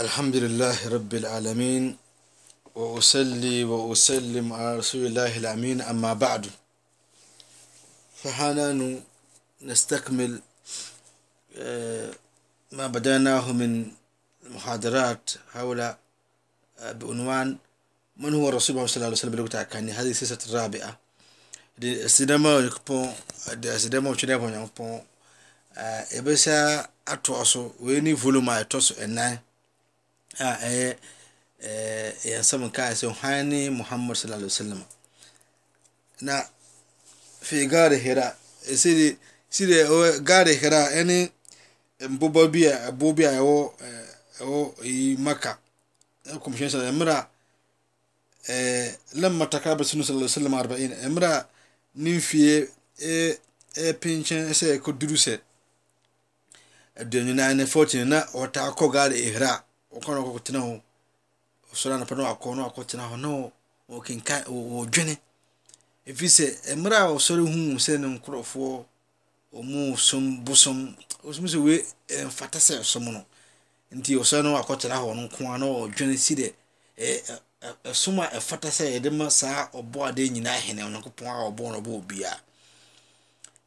الحمد لله رب العالمين وأصلي وأسلم على رسول الله الأمين أما بعد فهنا نستكمل آه، ما بدأناه من محاضرات حول آه، بعنوان من هو الرسول صلى الله عليه وسلم بلغت كان هذه السلسلة الرابعة sidama yekpon de sidama otwede abɔ nyankopɔn ɛbɛsa ato so wei ne ah ee eh, eh, yan saban ka aysan hani muhammad sal alay wasalam na fi gaari hira eh, sidi sidi gaari hira ɛne mbobɔ bi a ɛbo bi a ɛwɔ ɛwɔ yi maka kɔmhyɛn sɛ mmerɛ a lamma takra bɛsi no sallallahu alaihi arba'in mmerɛ a ne mfie ɛpinkyɛn e e sɛ ɛkɔduru sɛ aduonu na ne na wɔtaa kɔ gaari hira ɔkɔn ɔkɔ tena hɔ ɔsɔre anapa na wakɔ na wakɔ tena hɔ na ɔkenka efi sɛ mmerɛ a ɔsɔre hu sɛ ne nkorɔfoɔ som bosom ɔsom sɛ eh, mfata sɛ no nti ɔsɔre tena hɔ no nko na ɔdwene si dɛ ɛsom eh, eh, a ɛfata sɛ yɛde ma saa ɔbɔ adeɛ nyinaa hene onyankopɔn a ɔbɔ no ɔbɔ obiara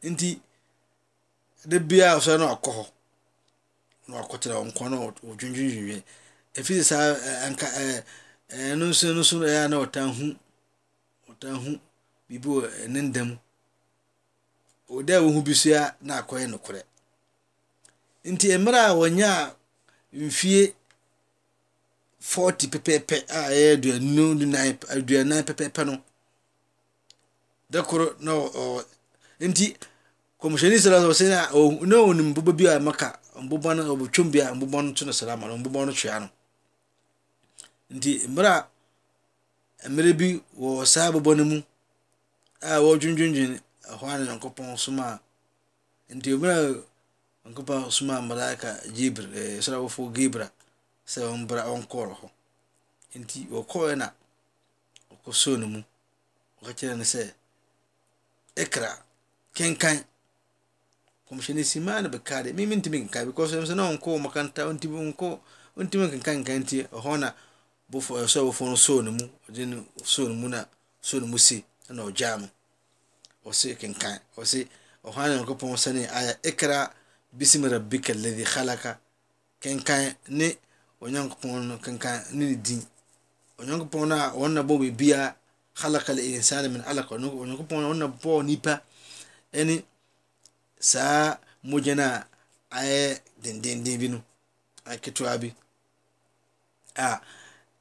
nti de biara ɔsɔre no hɔ na hɔ ɔdwendwendwendwen ɛfiri saa anka ɛno nso no nso ɛyɛ na ɔtan ho ɔtan ho biribi wɔ ne ndam ɔda a wɔhu bi so ya na akɔyɛ nokorɛ nti mmerɛ a wɔnyɛ mfie forty pɛpɛɛpɛ a ɛyɛ aduonu dunan aduanan pɛpɛɛpɛ no de koro na ɔwɔ nti kɔmhyɛni sɛ ɔsɛ na ɔnim boba bi a maka mbobɔ no ɔbɛtwam bi a mbobɔ no to no sara ma no mbobɔ no twea no bra mere bi o sa bobonm o junun hk p smap sma maca raf gabra se koo ni okona ko sonm cse ikra kenkan komsensiman ekade timeka castimkekaohona bofo ɛsɛ bofo no soo ne mu ɔde no soo ne mu na soo ne mu si ɛna ɔgyaa mu ɔsi kenkan ɔsi ɔhwan ne nkɔpɔn sɛne ayɛ ikra bisimi rabbika ladi khalaka kenkan ne onyankopɔn no kenkan ne ne din onyankopɔn no a wɔn na bɔ beebia khalaka le insani min alaka onyankopɔn no wɔn na bɔ nipa ɛne saa mogya no a ayɛ dendenden bi no aketewa bi a. Ah.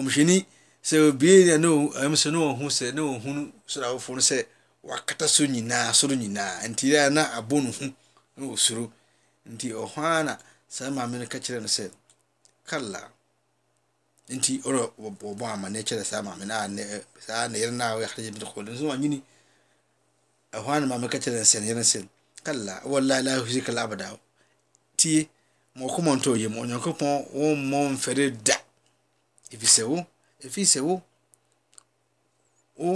kɔmhyɛni sɛ obie ne ne ɛm sɛ ne ɔhu sɛ ne ɔhu soro awofoɔ no sɛ wakata so nyinaa soro nyinaa nti yɛ na abɔ no hu wɔ ɔsoro nti ɔho ara na saa maame no ka kyerɛ no sɛ kala nti ɔrɔ ama ne kyerɛ saa maame no a ne saa ne yɛrɛ no a ɔyɛ hadegye bi kɔɔ no nso wanyini ɛho ara na maame ka kyerɛ no sɛ ne yɛrɛ sɛ kala wallahi la yuhzika al abada tie ma ntɔ yɛ mu onyankopɔn wɔmmɔ mfɛre da ɛfiri sɛ wo ɛfiri sɛ wo wo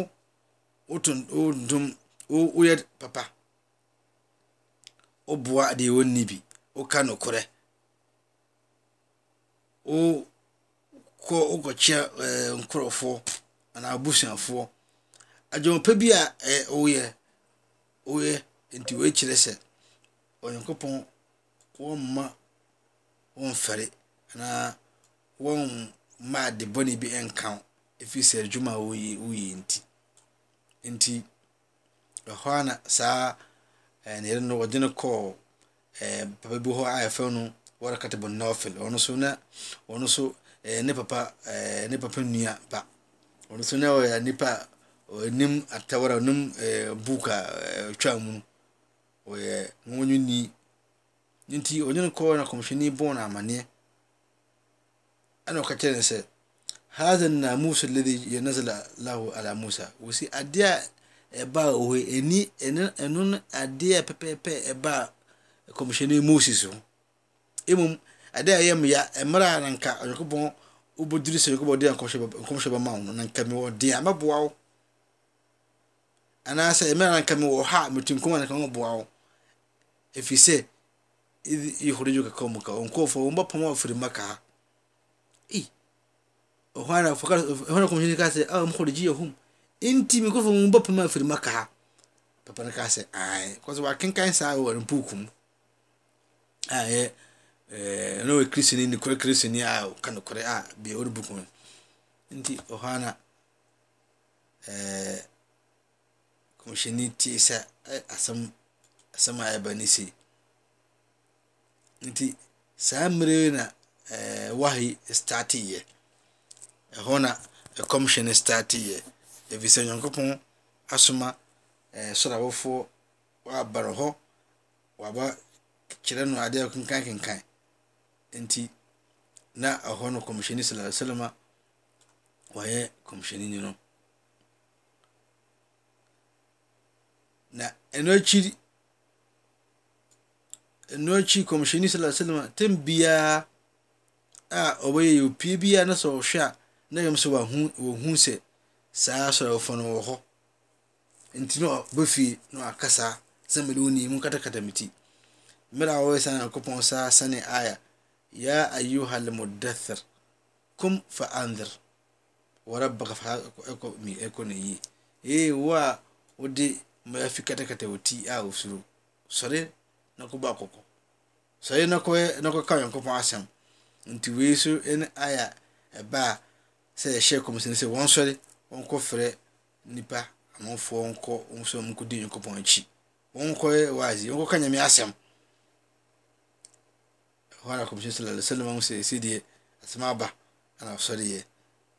woto wo dum wo woyɛ papa woboa deɛ wɔnni bi woka nokorɛ wo kɔ wokɔkyea eh, nkorɔfoɔ anaa abusuafoɔ adwuma pa bi a woyɛ eh, woyɛ nti wɔakyerɛ sɛ onyankopɔn wɔmma wɔmfɛre anaa wɔn mma ade bɔne bi nka wo sɛ adwuma a woyɛ woyɛ nti nti ɛhɔ a na saa ne yɛre no wɔde no kɔɔ papa bi hɔ a yɛfrɛ no wɔrekat bɔ nɔfel ɔno so na ɔno so ne papa ne papa nua ba ɔno so na ɔyɛ nipa ɔnim atawara ɔnim book a ɔtwa mu ɔyɛ wɔnwonyi nti ɔnyɛ no kɔɔ na kɔmhyɛni bɔɔ no amaneɛ ɛna ɔka kyerɛ no sɛ hadha namus alladhi yanazala lahu ala musa wɔsi adeɛ a ɛba a ɔhɔ ɛni ɛno no adeɛ a pɛpɛɛpɛ ɛba a kɔmhyɛne moses ho mmom adeɛ a ɛyɛ mmea mmerɛ a nanka onyankopɔn wobɛdiri sɛ onyankopɔn de nkɔmhyɛ bɛma wo no nanka mewɔ den a mɛboa wo anaasɛ mmerɛ nanka mewɔ ha a metunkum a nanka mɛboa wo ɛfiri sɛ ihurijuka kɔmuka wɔnkɔɔfoɔ wɔmbɛpam a ɔfiri maka ha i ohana fakar ohana kuma shine kase a ah, mukhrijiyahum inti mi kufu mun bapa ma firma ka papa na kase ai kwazo wa kin kan sa wa pukum ai eh no kristini ni kore kristini a kan kore a ah, bi wani bukun inti ohana eh kuma shine ti sa eh, asam asama ya bani sai inti saa mmiri na Eh, wahi starteyɛ eh, ɛhɔ eh, na commission starteyɛ ɛfiri sɛ nyankopɔn asoma sɔre abɔfoɔ waba no hɔ waba kyerɛ no adeɛ a nti na ɛhɔ no kɔmhyɛni sala salam a wɔyɛ no na ɛno akyiri ɛno akyi kɔmhyɛni sala salam biara a ɔbɛyɛ yɛ pie bi a na sɛ ɔhwɛ a na yɛm sɛ wɔhu sɛ saa asɔrɛfoɔ no wɔ hɔ nti na ɔbɛ fie na ɔaka saa sɛ mede wo nimu katakata me ti mmerɛ a wɔyɛ saa nyankopɔn saa sane aya ya ayuha lmudathir kum fa andir warabbaka fa ɛkɔ mi ɛkɔ na yi ee wo a wode mafi katakata wo ti a wosuro sɔre na kɔbɔ akɔkɔ sɔre na kɔyɛ na nyankopɔn asɛm nti wei so ne ayɛ ɛba a sɛ yɛhyɛ kɔmsɛn sɛ wɔn sɔre wɔnkɔ frɛ nipa amanfoɔ nkɔ wɔn so nkɔdi nyankopɔn akyi wɔnkɔ yɛ waazi wɔnkɔ ka nyame asɛm hɔ ara kɔmsɛn sɛ lalɛ sɛlɛm ahụ sɛ ɛsɛ asɛm aba ɛna ɔsɔre yɛ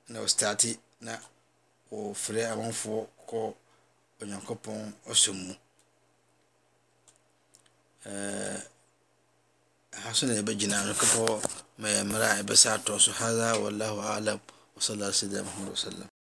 ɛna ɔstaate na wɔfrɛ amanfoɔ kɔ onyankopɔn ɔsɔm mu ɛɛ. حسن يبجنا يعني كفو ما يمرع بساطة سحاذا والله أعلم وصلى الله على سيدنا محمد وسلم